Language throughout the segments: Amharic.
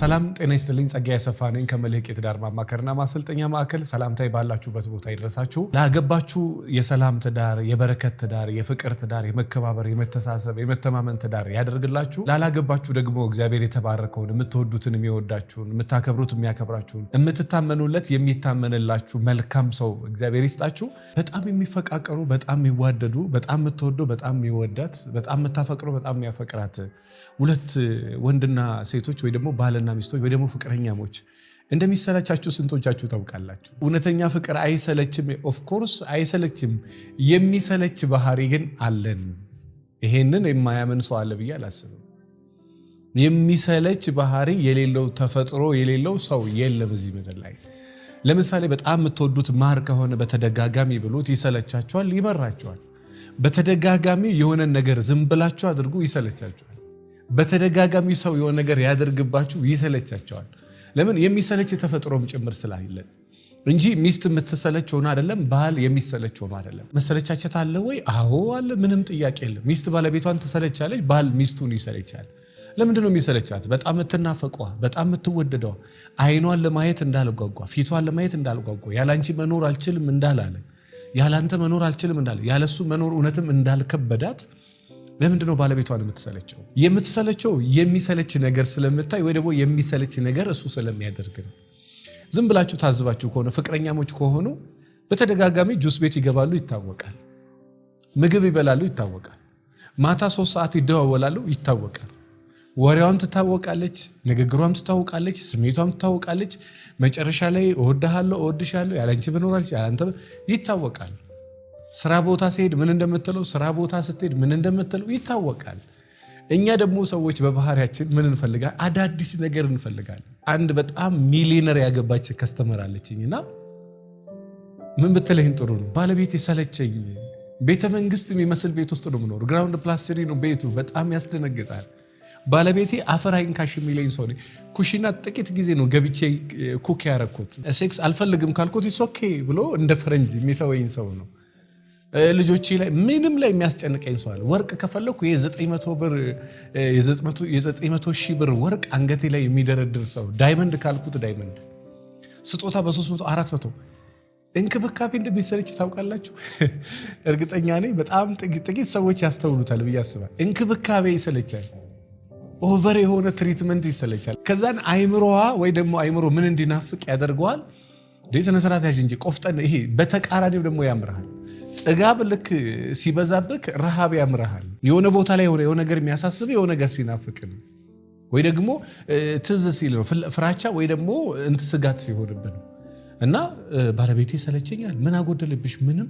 ሰላም ጤና ይስጥልኝ። ጸጋ አሰፋ ነኝ ከመልህቅ የትዳር ማማከርና ማሰልጠኛ ማዕከል። ሰላምታዬ ባላችሁበት ቦታ ይድረሳችሁ። ላገባችሁ የሰላም ትዳር፣ የበረከት ትዳር፣ የፍቅር ትዳር፣ የመከባበር፣ የመተሳሰብ፣ የመተማመን ትዳር ያደርግላችሁ። ላላገባችሁ ደግሞ እግዚአብሔር የተባረከውን የምትወዱትን፣ የሚወዳችሁን፣ የምታከብሩት፣ የሚያከብራችሁን፣ የምትታመኑለት፣ የሚታመንላችሁ መልካም ሰው እግዚአብሔር ይስጣችሁ። በጣም የሚፈቃቀሩ፣ በጣም የሚዋደዱ፣ በጣም የምትወደው፣ በጣም የሚወዳት፣ በጣም የምታፈቅረው፣ በጣም የሚያፈቅራት ሁለት ወንድና ሴቶች ወይ ደግሞ ባልና ባልና ሚስቶች ወይ ደግሞ ፍቅረኛሞች እንደሚሰለቻችሁ ስንቶቻችሁ ታውቃላችሁ? እውነተኛ ፍቅር አይሰለችም። ኦፍኮርስ አይሰለችም። የሚሰለች ባህሪ ግን አለን። ይሄንን የማያምን ሰው አለ ብዬ አላስብም። የሚሰለች ባህሪ የሌለው ተፈጥሮ የሌለው ሰው የለም እዚህ ምድር ላይ። ለምሳሌ በጣም የምትወዱት ማር ከሆነ በተደጋጋሚ ብሉት ይሰለቻችኋል፣ ይመራችኋል። በተደጋጋሚ የሆነ ነገር ዝም ብላችሁ አድርጉ፣ ይሰለቻችኋል። በተደጋጋሚ ሰው የሆነ ነገር ያደርግባችሁ ይሰለቻቸዋል። ለምን የሚሰለች የተፈጥሮም ጭምር ስላለን እንጂ ሚስት የምትሰለች ሆኖ አይደለም፣ ባል የሚሰለች ሆኖ አይደለም። መሰለቻቸት አለ ወይ? አዎ አለ። ምንም ጥያቄ የለም። ሚስት ባለቤቷን ትሰለቻለች፣ ባል ሚስቱን ይሰለቻል። ለምንድን ነው የሚሰለቻት? በጣም የምትናፈቋ፣ በጣም የምትወደደዋ፣ አይኗን ለማየት እንዳልጓጓ፣ ፊቷን ለማየት እንዳልጓጓ፣ ያላንቺ መኖር አልችልም እንዳላለ፣ ያላንተ መኖር አልችልም እንዳለ፣ ያለሱ መኖር እውነትም እንዳልከበዳት ለምንድነው ባለቤቷን የምትሰለቸው? የምትሰለቸው የሚሰለች ነገር ስለምታይ ወይ ደግሞ የሚሰለች ነገር እሱ ስለሚያደርግ ነው። ዝም ብላችሁ ታዝባችሁ ከሆነ ፍቅረኛሞች ከሆኑ በተደጋጋሚ ጁስ ቤት ይገባሉ፣ ይታወቃል። ምግብ ይበላሉ፣ ይታወቃል። ማታ ሶስት ሰዓት ይደዋወላሉ፣ ይታወቃል። ወሬዋም ትታወቃለች፣ ንግግሯም ትታወቃለች፣ ስሜቷም ትታወቃለች። መጨረሻ ላይ እወድሃለሁ፣ እወድሻለሁ፣ ያለንቺ ብኖራለች፣ ያለንተ ይታወቃል። ስራ ቦታ ሲሄድ ምን እንደምትለው፣ ስራ ቦታ ስትሄድ ምን እንደምትለው ይታወቃል። እኛ ደግሞ ሰዎች በባህሪያችን ምን እንፈልጋል? አዳዲስ ነገር እንፈልጋል። አንድ በጣም ሚሊነር ያገባች ከስተመር አለችኝ እና ምን ብትለኝ ጥሩ ነው፣ ባለቤት የሰለቸኝ ቤተ መንግስት የሚመስል ቤት ውስጥ ነው የምኖር። ግራውንድ ፕላስ ነው ቤቱ፣ በጣም ያስደነግጣል። ባለቤቴ አፈር አይንካሽ የሚለኝ ሰው ኩሽና ጥቂት ጊዜ ነው ገብቼ ኩክ ያረኩት። ሴክስ አልፈልግም ካልኩት ሶኬ ብሎ እንደ ፈረንጅ የሚተወኝ ሰው ነው። ልጆቼ ላይ ምንም ላይ የሚያስጨንቀኝ ሰው አለ። ወርቅ ከፈለኩ የዘጠኝ መቶ ሺህ ብር ወርቅ አንገቴ ላይ የሚደረድር ሰው፣ ዳይመንድ ካልኩት ዳይመንድ ስጦታ በ300 መቶ እንክብካቤ እንደሚሰለች ታውቃላችሁ። እርግጠኛ ነኝ በጣም ጥቂት ሰዎች ያስተውሉታል ብዬ አስባል። እንክብካቤ ይሰለቻል። ኦቨር የሆነ ትሪትመንት ይሰለቻል። ከዛን አይምሮዋ ወይ ደግሞ አይምሮ ምን እንዲናፍቅ ያደርገዋል ስነ ስርዓት ያዥ እንጂ ቆፍጠን። ይሄ በተቃራኒው ደግሞ ያምርሃል። ጥጋብ ልክ ሲበዛብህ ረሃብ ያምርሃል። የሆነ ቦታ ላይ የሆነ ነገር የሚያሳስብ የሆነ ነገር ሲናፍቅ ነው ወይ ደግሞ ትዝ ሲል ነው ፍራቻ፣ ወይ ደግሞ እንት ስጋት ሲሆንብን እና ባለቤቴ ሰለቸኛል። ምን አጎደልብሽ? ምንም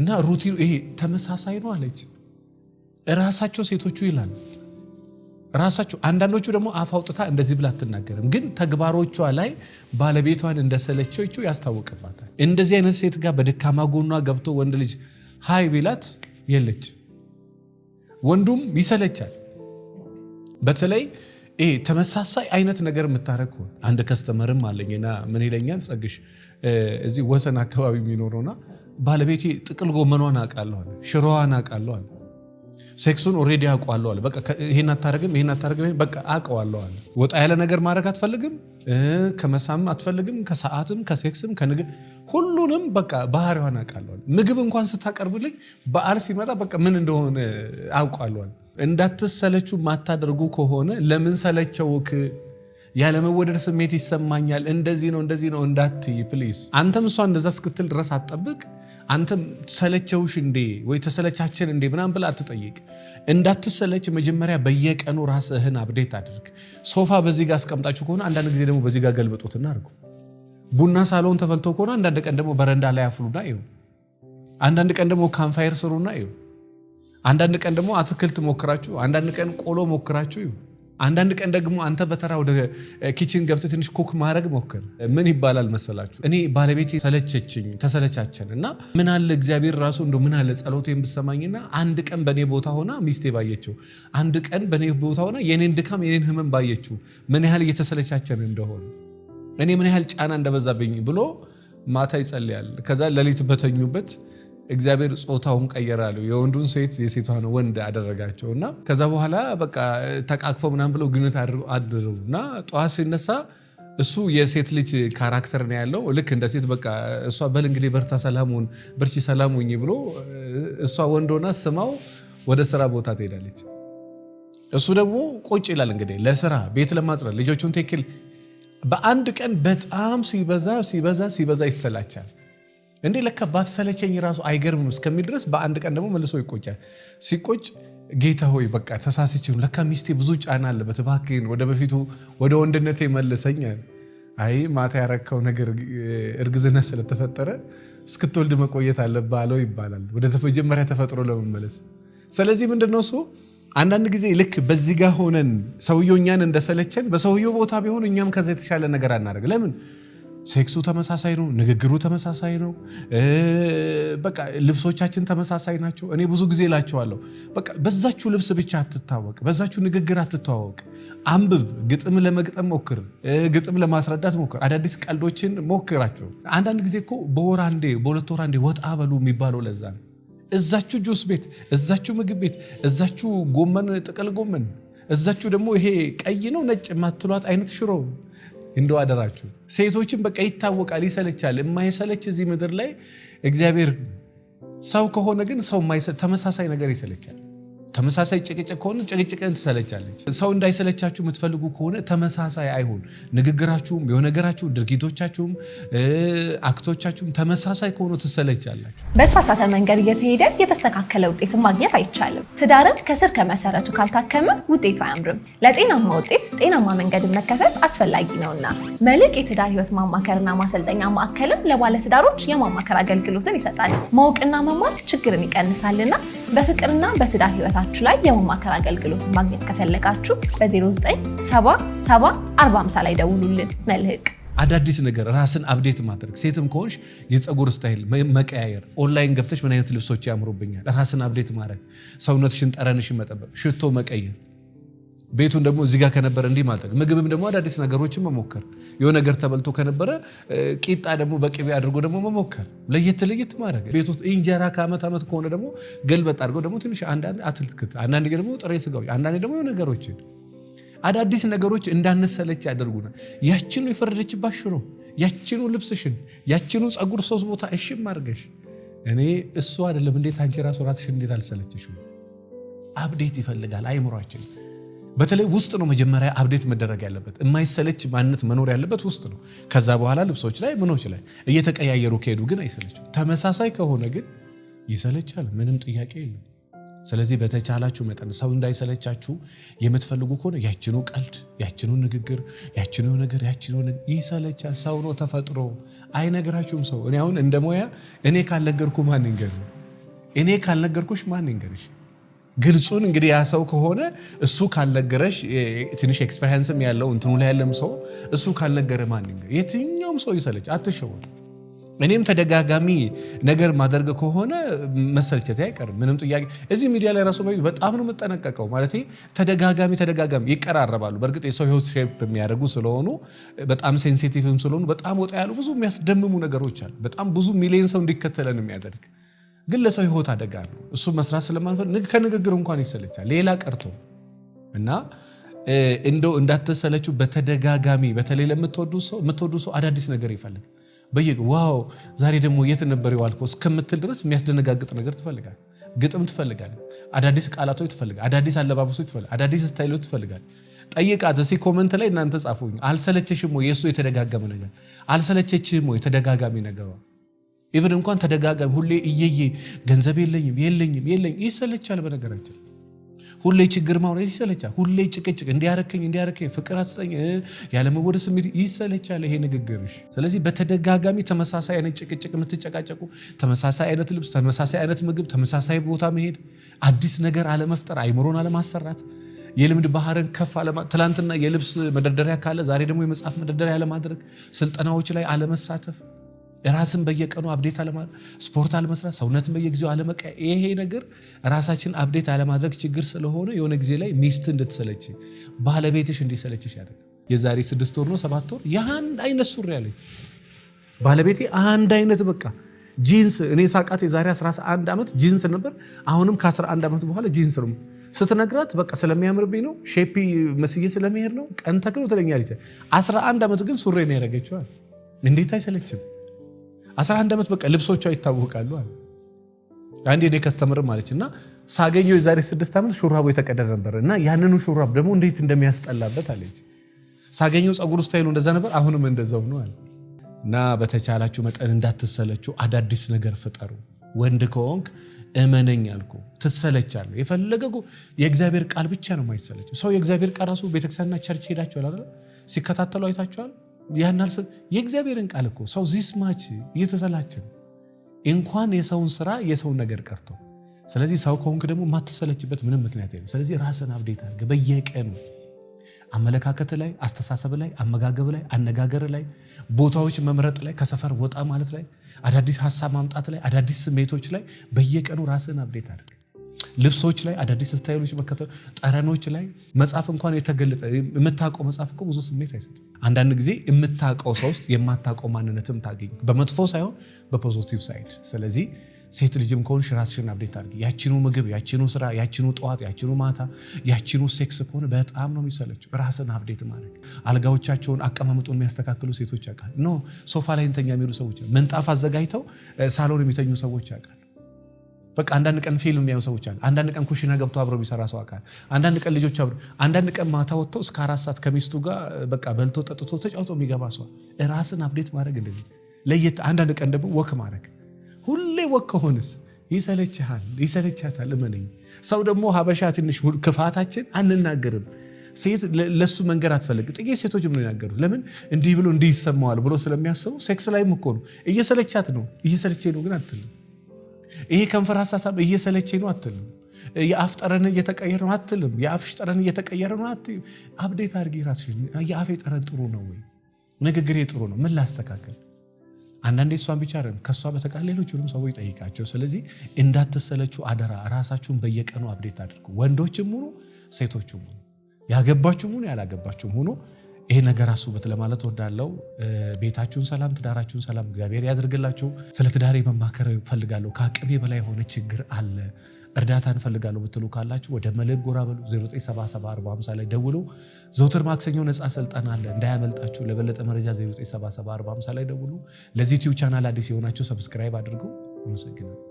እና ሩቲኑ ይሄ ተመሳሳይ ነው አለች። እራሳቸው ሴቶቹ ይላል ራሳቸው አንዳንዶቹ ደግሞ አፍ አውጥታ እንደዚህ ብላ አትናገርም፣ ግን ተግባሮቿ ላይ ባለቤቷን እንደሰለቸችው ያስታወቅባታል። እንደዚህ አይነት ሴት ጋር በደካማ ጎኗ ገብቶ ወንድ ልጅ ሀይ ቢላት የለች፣ ወንዱም ይሰለቻል። በተለይ ይሄ ተመሳሳይ አይነት ነገር የምታረግ ሆን አንድ ከስተመርም አለኝና ምን ይለኛል፣ ጸግሽ እዚህ ወሰን አካባቢ የሚኖረውና ባለቤቴ ጥቅል ጎመኗን አውቃለሁ አለ፣ ሽሮዋን አውቃለሁ ሴክሱን ኦሬዲ አውቀዋለሁ አለ። በቃ ይሄን አታደርግም፣ ይሄን አታደርግም፣ በቃ አውቀዋለሁ አለ። ወጣ ያለ ነገር ማድረግ አትፈልግም፣ ከመሳም አትፈልግም፣ ከሰዓትም፣ ከሴክስም፣ ከንግድ ሁሉንም በቃ ባህሪዋን አውቃለሁ ምግብ እንኳን ስታቀርብልኝ በዓል ሲመጣ በቃ ምን እንደሆነ አውቀዋለሁ እንዳትሰለችው ማታደርጉ ከሆነ ለምን ሰለቸውክ ያለመወደድ ስሜት ይሰማኛል፣ እንደዚህ ነው እንደዚህ ነው እንዳትይ ፕሊስ። አንተም እሷ እንደዛ እስክትል ድረስ አትጠብቅ። አንተም ሰለቸውሽ እንዴ ወይ ተሰለቻችን እንዴ ምናምን ብላ አትጠይቅ። እንዳትሰለች መጀመሪያ በየቀኑ ራስህን አብዴት አድርግ። ሶፋ በዚህ ጋር አስቀምጣችሁ ከሆነ አንዳንድ ጊዜ ደግሞ በዚህ ጋር ገልብጦትና አድርጉ። ቡና ሳሎን ተፈልቶ ከሆነ አንዳንድ ቀን ደግሞ በረንዳ ላይ አፍሉና እዩ። አንዳንድ ቀን ደግሞ ካምፋየር ስሩና እዩ። አንዳንድ ቀን ደግሞ አትክልት ሞክራችሁ፣ አንዳንድ ቀን ቆሎ ሞክራችሁ እዩ። አንዳንድ ቀን ደግሞ አንተ በተራ ወደ ኪችን ገብተ ትንሽ ኩክ ማድረግ ሞክር። ምን ይባላል መሰላችሁ፣ እኔ ባለቤቴ ሰለቸችኝ ተሰለቻችን እና ምን አለ እግዚአብሔር ራሱ እንደ ምን አለ ጸሎቴን ብትሰማኝና አንድ ቀን በእኔ ቦታ ሆና ሚስቴ ባየችው፣ አንድ ቀን በእኔ ቦታ ሆና የኔን ድካም የኔን ህመም ባየችው፣ ምን ያህል እየተሰለቻችን እንደሆነ እኔ ምን ያህል ጫና እንደበዛብኝ ብሎ ማታ ይጸልያል። ከዛ ሌሊት በተኙበት እግዚአብሔር ጾታውን ቀየራሉ። የወንዱን ሴት የሴቷን ወንድ አደረጋቸው እና ከዛ በኋላ በቃ ተቃቅፎ ምናምን ብለው ግንኙነት አድሩ እና ጠዋት ሲነሳ እሱ የሴት ልጅ ካራክተር ነው ያለው። ልክ እንደ ሴት በቃ እሷ በል እንግዲህ በርታ፣ ሰላሙን በርቺ፣ ሰላሙኝ ብሎ እሷ ወንድ ሆና ስማው ወደ ስራ ቦታ ትሄዳለች። እሱ ደግሞ ቁጭ ይላል እንግዲህ ለስራ ቤት ለማጽረ ልጆቹን ቴክል። በአንድ ቀን በጣም ሲበዛ ሲበዛ ሲበዛ ይሰላቻል። እንዴ ለካ ባሰለቸኝ ራሱ አይገርምም እስከሚል ድረስ በአንድ ቀን ደግሞ መልሶ ይቆጫል። ሲቆጭ ጌታ ሆይ በቃ ተሳስቼ ለካ ሚስቴ ብዙ ጫና አለበት፣ እባክህን ወደ በፊቱ ወደ ወንድነቴ መልሰኝ። አይ ማታ ያረከው ነገር እርግዝና ስለተፈጠረ እስክትወልድ መቆየት አለብህ ይባላል፣ ወደ መጀመሪያ ተፈጥሮ ለመመለስ። ስለዚህ ምንድነው እሱ አንዳንድ ጊዜ ልክ በዚህ ጋር ሆነን ሰውየው እኛን እንደሰለቸን በሰውየው ቦታ ቢሆን እኛም ከዛ የተሻለ ነገር አናደርግ ለምን ሴክሱ ተመሳሳይ ነው። ንግግሩ ተመሳሳይ ነው። በቃ ልብሶቻችን ተመሳሳይ ናቸው። እኔ ብዙ ጊዜ እላቸዋለሁ፣ በቃ በዛችሁ ልብስ ብቻ አትታወቅ፣ በዛችሁ ንግግር አትተዋወቅ። አንብብ፣ ግጥም ለመግጠም ሞክር፣ ግጥም ለማስረዳት ሞክር፣ አዳዲስ ቀልዶችን ሞክራቸው። አንዳንድ ጊዜ እኮ በወር አንዴ በሁለት ወር አንዴ ወጣ በሉ የሚባለው ለዛ ነው። እዛችሁ ጁስ ቤት፣ እዛችሁ ምግብ ቤት፣ እዛችሁ ጎመን ጥቅል ጎመን፣ እዛችሁ ደግሞ ይሄ ቀይ ነው ነጭ የማትሏት አይነት ሽሮ እንደ አደራችሁ ሴቶችን በቃ ይታወቃል፣ ይሰለቻል። የማይሰለች እዚህ ምድር ላይ እግዚአብሔር ሰው ከሆነ ግን ሰው ተመሳሳይ ነገር ይሰለቻል። ተመሳሳይ ጭቅጭቅ ከሆነ ጭቅጭቅን ትሰለቻለች። ሰው እንዳይሰለቻችሁ የምትፈልጉ ከሆነ ተመሳሳይ አይሁን። ንግግራችሁም፣ የነገራችሁም፣ ድርጊቶቻችሁም፣ አክቶቻችሁም ተመሳሳይ ከሆነ ትሰለቻላችሁ። በተሳሳተ መንገድ እየተሄደ የተስተካከለ ውጤትን ማግኘት አይቻልም። ትዳርን ከስር ከመሰረቱ ካልታከመ ውጤቱ አያምርም። ለጤናማ ውጤት ጤናማ መንገድን መከተል አስፈላጊ ነውና መልሕቅ የትዳር ህይወት ማማከርና ማሰልጠኛ ማዕከልም ለባለትዳሮች የማማከር አገልግሎትን ይሰጣል። ማወቅና መማር ችግርን ይቀንሳልና በፍቅርና በትዳር ህይወታችሁ ላይ የመማከር አገልግሎት ማግኘት ከፈለጋችሁ በ097745 ላይ ደውሉልን። መልህቅ አዳዲስ ነገር ራስን አብዴት ማድረግ ሴትም ከሆንሽ የፀጉር ስታይል መቀያየር፣ ኦንላይን ገብተሽ ምን አይነት ልብሶች ያምሩብኛል፣ ራስን አብዴት ማድረግ፣ ሰውነትሽን፣ ጠረንሽን መጠበቅ፣ ሽቶ መቀየር ቤቱን ደግሞ እዚህ ጋር ከነበረ እንዲህ ማድረግ፣ ምግብም ደግሞ አዳዲስ ነገሮችን መሞከር፣ የሆነ ነገር ተበልቶ ከነበረ ቂጣ ደግሞ በቅቤ አድርጎ ደግሞ መሞከር፣ ለየት ለየት ማድረግ። ቤት ውስጥ እንጀራ ከአመት ዓመት ከሆነ ደግሞ ገልበጥ አድርገው ደግሞ ትንሽ አንዳንድ አትክልት፣ አንዳንድ ደግሞ ጥሬ ስጋ፣ አንዳንድ ደግሞ ነገሮችን አዳዲስ ነገሮች እንዳንሰለች ያደርጉናል። ያችኑ የፈረደችባት ሽሮ፣ ያችኑ ልብስሽን፣ ያችኑ ፀጉር ሶስት ቦታ እሽም አድርገሽ እኔ እሱ አይደለም እንዴት አንቺ ራሱ ራስሽን እንዴት አልሰለችሽ? አብዴት ይፈልጋል አይምሯችን በተለይ ውስጥ ነው መጀመሪያ አብዴት መደረግ ያለበት። የማይሰለች ማንነት መኖር ያለበት ውስጥ ነው። ከዛ በኋላ ልብሶች ላይ ምኖች ላይ እየተቀያየሩ ከሄዱ ግን አይሰለችም። ተመሳሳይ ከሆነ ግን ይሰለቻል። ምንም ጥያቄ የለም። ስለዚህ በተቻላችሁ መጠን ሰው እንዳይሰለቻችሁ የምትፈልጉ ከሆነ ያችኑ ቀልድ፣ ያችኑ ንግግር፣ ያችኑ ነገር፣ ያችኑ ይሰለቻል። ሰው ነው ተፈጥሮ። አይነግራችሁም ሰው። እኔ አሁን እንደ ሞያ እኔ ካልነገርኩ ማን ይንገር? እኔ ካልነገርኩሽ ማን ይንገርሽ? ግልጹን እንግዲህ ያ ሰው ከሆነ እሱ ካልነገረሽ ትንሽ ኤክስፐሪንስም ያለው እንትኑ ላይ ያለም ሰው እሱ ካልነገረ ማን የትኛውም ሰው ይሰለች፣ አትሸወድ። እኔም ተደጋጋሚ ነገር ማደርግ ከሆነ መሰልቸት አይቀርም። ምንም ጥያቄ እዚህ ሚዲያ ላይ ራሱ በጣም ነው የምጠነቀቀው። ማለት ተደጋጋሚ ተደጋጋሚ ይቀራረባሉ። በእርግጥ የሰው ህይወት ሼፕ የሚያደርጉ ስለሆኑ በጣም ሴንሲቲቭም ስለሆኑ በጣም ወጣ ያሉ ብዙ የሚያስደምሙ ነገሮች አሉ። በጣም ብዙ ሚሊዮን ሰው እንዲከተለን የሚያደርግ ግን ለሰው ህይወት አደጋ ነው። እሱ መስራት ስለማንፈል ከንግግር እንኳን ይሰለቻል፣ ሌላ ቀርቶ እና እንደው እንዳትሰለችው በተደጋጋሚ በተለይ ለምትወዱ ሰው የምትወዱ ሰው አዳዲስ ነገር ይፈልግ በየ ዋው ዛሬ ደግሞ የት ነበር የዋልከው እስከምትል ድረስ የሚያስደነጋግጥ ነገር ትፈልጋል። ግጥም ትፈልጋል፣ አዳዲስ ቃላቶች ትፈልጋል፣ አዳዲስ አለባበሶች ትፈልጋል፣ አዳዲስ ስታይሎች ትፈልጋል። ጠይቃ እስኪ ኮመንት ላይ እናንተ ጻፉኝ። አልሰለቸሽም ወይ የእሱ የተደጋገመ ነገር አልሰለቸችም ወይ የተደጋጋሚ ነገሯ ኢቨን እንኳን ተደጋጋሚ ሁሌ እየየ ገንዘብ የለኝም የለኝም የለኝም ይሰለቻል። በነገራችን ሁሌ ችግር ማውራት ይሰለቻል። ሁሌ ጭቅጭቅ እንዲያረከኝ እንዲያረከኝ ፍቅር አስጠኝ ያለመወደ ስሜት ይሰለቻል ይሄ ንግግርሽ። ስለዚህ በተደጋጋሚ ተመሳሳይ አይነት ጭቅጭቅ የምትጨቃጨቁ፣ ተመሳሳይ አይነት ልብስ፣ ተመሳሳይ አይነት ምግብ፣ ተመሳሳይ ቦታ መሄድ፣ አዲስ ነገር አለመፍጠር፣ አይምሮን አለማሰራት የልምድ ባህርን ከፍ ትላንትና የልብስ መደርደሪያ ካለ ዛሬ ደግሞ የመጽሐፍ መደርደሪያ አለማድረግ፣ ስልጠናዎች ላይ አለመሳተፍ ራስን በየቀኑ አብዴት አለማድረግ፣ ስፖርት አለመስራት፣ ሰውነትን በየጊዜው አለመቀያ፣ ይሄ ነገር ራሳችን አብዴት አለማድረግ ችግር ስለሆነ የሆነ ጊዜ ላይ ሚስት እንድትሰለች ባለቤትሽ እንዲሰለችሽ ያደርግ። የዛሬ ስድስት ወር ነው ሰባት ወር የአንድ አይነት ሱሪ ያለኝ ባለቤቴ አንድ አይነት በቃ ጂንስ፣ እኔ ሳቃት የዛሬ 11 ዓመት ጂንስ ነበር። አሁንም ከ11 ዓመት በኋላ ጂንስ ነው ስትነግራት በቃ ስለሚያምርብኝ ነው ሼፒ መስዬ ስለሚሄድ ነው ቀን ተክሎ ትለኛለች። 11 ዓመት ግን ሱሪ ነው ያደረገችዋል። እንዴት አይሰለችም? 11 ዓመት በቃ ልብሶቿ ይታወቃሉ አለ። አንድ የኔ ከስተምርም ማለች እና ሳገኘው የዛሬ ስድስት ዓመት ሹራቡ የተቀደደ ነበር እና ያንኑ ሹራብ ደግሞ እንዴት እንደሚያስጠላበት አለች። ሳገኘው ጸጉር ስታይሉ እንደዛ ነበር፣ አሁንም እንደዛው ነው አለ። እና በተቻላችሁ መጠን እንዳትሰለችው አዳዲስ ነገር ፍጠሩ። ወንድ ከሆንክ እመነኝ አልኩ ትሰለቻለህ። የፈለገ የእግዚአብሔር ቃል ብቻ ነው የማይሰለችው ሰው። የእግዚአብሔር ቃል ራሱ ቤተክርስቲያንና ቸርች ሄዳችኋል አይደል? ሲከታተሉ አይታችኋል። ያናልሰ የእግዚአብሔርን ቃል እኮ ሰው ማች እየተሰላችን እንኳን የሰውን ስራ የሰውን ነገር ቀርቶ ስለዚህ ሰው ከሆንክ ደግሞ ማተሰለችበት ምንም ምክንያት የለም። ስለዚህ ራስን አብዴት አድርገህ በየቀኑ አመለካከት ላይ፣ አስተሳሰብ ላይ፣ አመጋገብ ላይ፣ አነጋገር ላይ፣ ቦታዎች መምረጥ ላይ፣ ከሰፈር ወጣ ማለት ላይ፣ አዳዲስ ሀሳብ ማምጣት ላይ፣ አዳዲስ ስሜቶች ላይ በየቀኑ ራስን አብዴት አድርግ። ልብሶች ላይ አዳዲስ ስታይሎች መከተል፣ ጠረኖች ላይ መጽሐፍ እንኳን የተገለጠ የምታውቀው መጽሐፍ እኮ ብዙ ስሜት አይሰጥም። አንዳንድ ጊዜ የምታውቀው ሰው ውስጥ የማታውቀው ማንነትም ታገኝ፣ በመጥፎ ሳይሆን በፖዚቲቭ ሳይድ። ስለዚህ ሴት ልጅም ከሆንሽ ራስሽን አብዴት አድርጊ። ያችኑ ምግብ፣ ያችኑ ስራ፣ ያችኑ ጠዋት፣ ያችኑ ማታ፣ ያችኑ ሴክስ ከሆነ በጣም ነው የሚሰለችው። ራስን አብዴት ማድረግ አልጋዎቻቸውን አቀማመጡን የሚያስተካክሉ ሴቶች ያውቃል። ኖ ሶፋ ላይ እንተኛ የሚሉ ሰዎች፣ ምንጣፍ አዘጋጅተው ሳሎን የሚተኙ ሰዎች ያውቃል። በቃ አንዳንድ ቀን ፊልም የሚያዩ ሰዎች አሉ። አንዳንድ ቀን ኩሽና ገብቶ አብሮ የሚሰራ ሰው አካል፣ አንዳንድ ቀን ልጆች አብሮ፣ አንዳንድ ቀን ማታ ወጥቶ እስከ አራት ሰዓት ከሚስቱ ጋር በቃ በልቶ ጠጥቶ ተጫውቶ የሚገባ ሰው። ራስን አፕዴት ማድረግ እንደዚህ ለየት። አንዳንድ ቀን ደግሞ ወክ ማድረግ። ሁሌ ወክ ከሆንስ ይሰለችሃል፣ ይሰለቻታል። እመነኝ። ሰው ደግሞ ሀበሻ ትንሽ ክፋታችን አንናገርም ሴት ለሱ መንገድ አትፈልግ። ጥቂት ሴቶች ምን ይናገሩ? ለምን እንዲህ ብሎ እንዲህ ይሰማዋል ብሎ ስለሚያስቡ ሴክስ ላይም እኮ ነው። እየሰለቻት ነው፣ እየሰለቼ ነው ግን አትልም። ይሄ ከንፈር ሀሳሳብ እየሰለቼ ነው አትልም። የአፍ ጠረን እየተቀየረ ነው አትልም። የአፍሽ ጠረን እየተቀየረ ነው አት አብዴት አድርጌ ራስሽን። የአፌ ጠረን ጥሩ ነው ወይ? ንግግሬ ጥሩ ነው? ምን ላስተካከል? አንዳንዴ እሷን ብቻ አይደለም ከእሷ በተቃር ሌሎችንም ሰዎች ጠይቃቸው። ስለዚህ እንዳትሰለችው አደራ። ራሳችሁን በየቀኑ አብዴት አድርጉ። ወንዶችም ሆኑ ሴቶችም ሆኑ ያገባችሁም ሆኑ ያላገባችሁም ሆኖ ይሄ ነገር አስቡበት ለማለት ወዳለው። ቤታችሁን ሰላም፣ ትዳራችሁን ሰላም እግዚአብሔር ያደርግላችሁ። ስለ ትዳሬ መማከር ፈልጋለሁ፣ ከአቅሜ በላይ የሆነ ችግር አለ፣ እርዳታ እንፈልጋለሁ ብትሉ ካላችሁ ወደ መልሕቅ ጎራ በሉ። 0974 ላይ ደውሉ። ዘውትር ማክሰኞ ነፃ ስልጠና አለ፣ እንዳያመልጣችሁ። ለበለጠ መረጃ 0974 ላይ ደውሉ። ለዚህ ዩቲዩብ ቻናል አዲስ የሆናችሁ ሰብስክራይብ አድርገው። አመሰግናለሁ።